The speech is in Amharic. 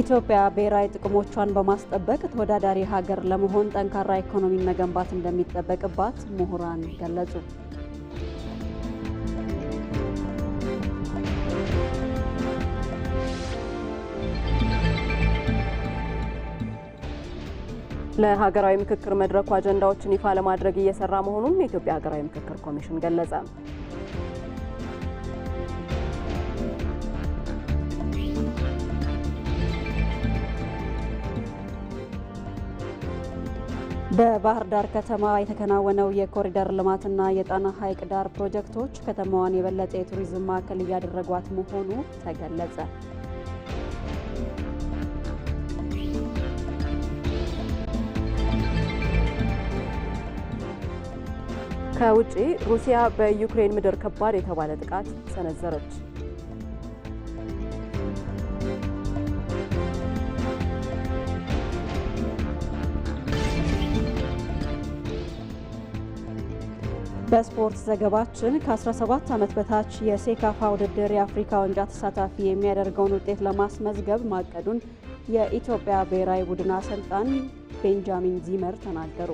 ኢትዮጵያ ብሔራዊ ጥቅሞቿን በማስጠበቅ ተወዳዳሪ ሀገር ለመሆን ጠንካራ ኢኮኖሚን መገንባት እንደሚጠበቅባት ምሁራን ገለጹ። ለሀገራዊ ምክክር መድረኩ አጀንዳዎችን ይፋ ለማድረግ እየሰራ መሆኑን የኢትዮጵያ ሀገራዊ ምክክር ኮሚሽን ገለጸ። በባህር ዳር ከተማ የተከናወነው የኮሪደር ልማትና የጣና ሐይቅ ዳር ፕሮጀክቶች ከተማዋን የበለጠ የቱሪዝም ማዕከል እያደረጓት መሆኑ ተገለጸ። ከውጪ ሩሲያ በዩክሬን ምድር ከባድ የተባለ ጥቃት ሰነዘረች። በስፖርት ዘገባችን ከ17 ዓመት በታች የሴካፋ ውድድር የአፍሪካ ዋንጫ ተሳታፊ የሚያደርገውን ውጤት ለማስመዝገብ ማቀዱን የኢትዮጵያ ብሔራዊ ቡድን አሰልጣኝ ቤንጃሚን ዚመር ተናገሩ።